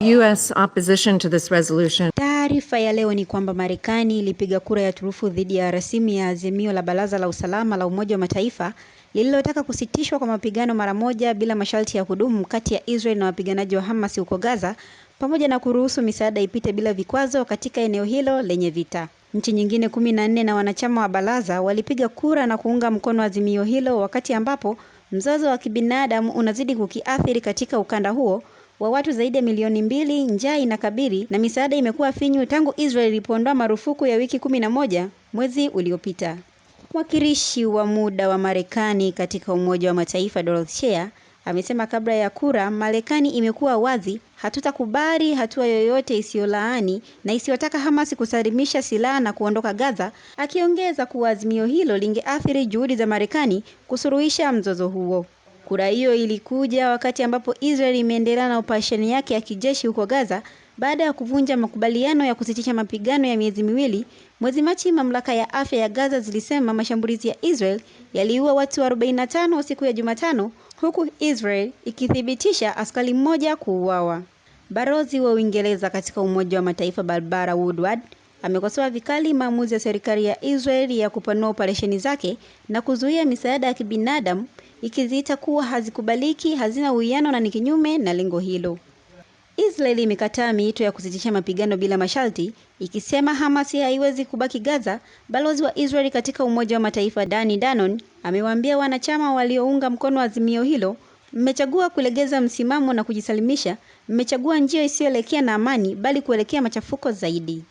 US opposition to this resolution. Taarifa ya leo ni kwamba Marekani ilipiga kura ya turufu dhidi ya rasimu ya azimio la Baraza la Usalama la Umoja wa Mataifa lililotaka kusitishwa kwa mapigano mara moja bila masharti ya kudumu kati ya Israel na wapiganaji wa Hamas huko Gaza pamoja na kuruhusu misaada ipite bila vikwazo katika eneo hilo lenye vita. Nchi nyingine kumi na nne na wanachama wa baraza walipiga kura na kuunga mkono azimio hilo wakati ambapo mzozo wa kibinadamu unazidi kukiathiri katika ukanda huo wa watu zaidi ya milioni mbili, njaa inakabiri na misaada imekuwa finyu tangu Israel ilipoondoa marufuku ya wiki kumi na moja mwezi uliopita. Mwakilishi wa muda wa Marekani katika Umoja wa Mataifa Dorothy Shea amesema kabla ya kura, Marekani imekuwa wazi, hatutakubali hatua yoyote isiyolaani na isiyotaka Hamasi kusalimisha silaha na kuondoka Gaza, akiongeza kuwa azimio hilo lingeathiri juhudi za Marekani kusuruhisha mzozo huo. Kura hiyo ilikuja wakati ambapo Israel imeendelea na operesheni yake ya kijeshi huko Gaza baada ya kuvunja makubaliano ya kusitisha mapigano ya miezi miwili. Mwezi Machi, mamlaka ya afya ya Gaza zilisema mashambulizi ya Israel yaliua watu 45 siku ya Jumatano, huku Israel ikithibitisha askari mmoja kuuawa. Balozi wa Uingereza katika Umoja wa Mataifa Barbara Woodward amekosoa vikali maamuzi ya serikali ya Israel ya kupanua operesheni zake na kuzuia misaada ya kibinadamu ikiziita kuwa hazikubaliki, hazina uwiano na ni kinyume na lengo hilo. Israeli imekataa miito ya kusitisha mapigano bila masharti, ikisema Hamas haiwezi kubaki Gaza. Balozi wa Israeli katika Umoja wa Mataifa Dani Danon amewaambia wanachama waliounga mkono azimio hilo, mmechagua kulegeza msimamo na kujisalimisha, mmechagua njia isiyoelekea na amani, bali kuelekea machafuko zaidi.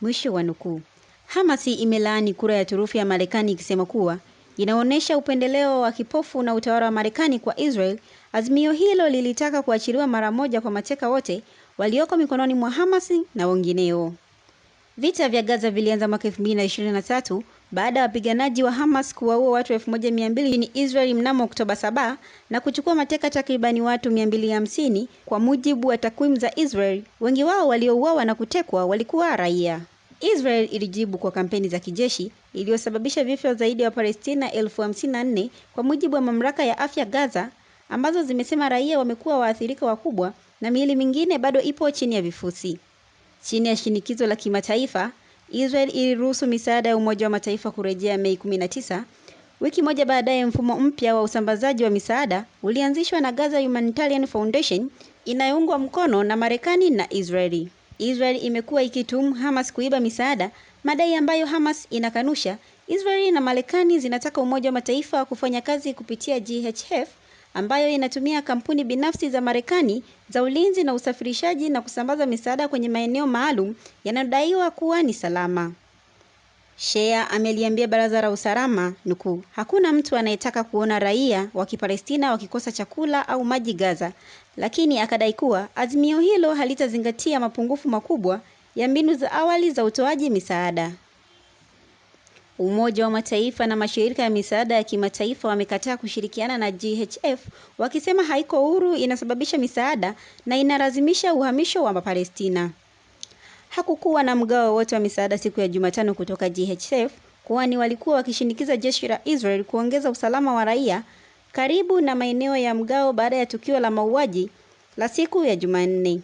Mwisho wa nukuu. Hamas imelaani kura ya turufu ya Marekani ikisema kuwa inaonyesha upendeleo wa kipofu na utawala wa Marekani kwa Israel. Azimio hilo lilitaka kuachiliwa mara moja kwa mateka wote walioko mikononi mwa Hamas na wengineo. Vita vya Gaza vilianza mwaka 2023 baada ya wapiganaji wa Hamas kuwaua watu 1200 nchini Israel mnamo Oktoba 7 na kuchukua mateka takribani watu 250 kwa mujibu wa takwimu za Israel. Wengi wao waliouawa na kutekwa walikuwa raia. Israel ilijibu kwa kampeni za kijeshi iliyosababisha vifo zaidi ya wa Wapalestina elfu hamsini na nne kwa mujibu wa mamlaka ya afya Gaza, ambazo zimesema raia wamekuwa waathirika wakubwa na miili mingine bado ipo chini ya vifusi. Chini ya shinikizo la kimataifa, Israel iliruhusu misaada ya Umoja wa Mataifa kurejea Mei 19. Wiki moja baadaye, mfumo mpya wa usambazaji wa misaada ulianzishwa na Gaza Humanitarian Foundation inayoungwa mkono na Marekani na Israeli. Israel imekuwa ikitumu Hamas kuiba misaada, madai ambayo Hamas inakanusha. Israel na Marekani zinataka Umoja wa Mataifa kufanya kazi kupitia GHF ambayo inatumia kampuni binafsi za Marekani za ulinzi na usafirishaji na kusambaza misaada kwenye maeneo maalum yanayodaiwa kuwa ni salama. Shea ameliambia Baraza la Usalama nukuu, hakuna mtu anayetaka kuona raia wa Kipalestina wakikosa chakula au maji Gaza, lakini akadai kuwa azimio hilo halitazingatia mapungufu makubwa ya mbinu za awali za utoaji misaada. Umoja wa Mataifa na mashirika ya misaada ya kimataifa wamekataa kushirikiana na GHF wakisema haiko huru, inasababisha misaada na inalazimisha uhamisho wa palestina Hakukuwa na mgao wowote wa misaada siku ya Jumatano kutoka GHF kwani walikuwa wakishinikiza jeshi la Israel kuongeza usalama wa raia karibu na maeneo ya mgao baada ya tukio la mauaji la siku ya Jumanne.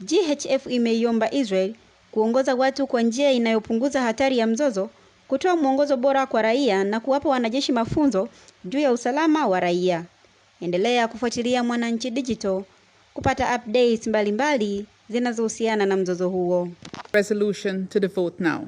GHF imeiomba Israel kuongoza watu kwa njia inayopunguza hatari ya mzozo, kutoa mwongozo bora kwa raia na kuwapa wanajeshi mafunzo juu ya usalama wa raia. Endelea kufuatilia Mwananchi Digital kupata updates mbalimbali mbali zinazohusiana na mzozo huo. Resolution to the vote now.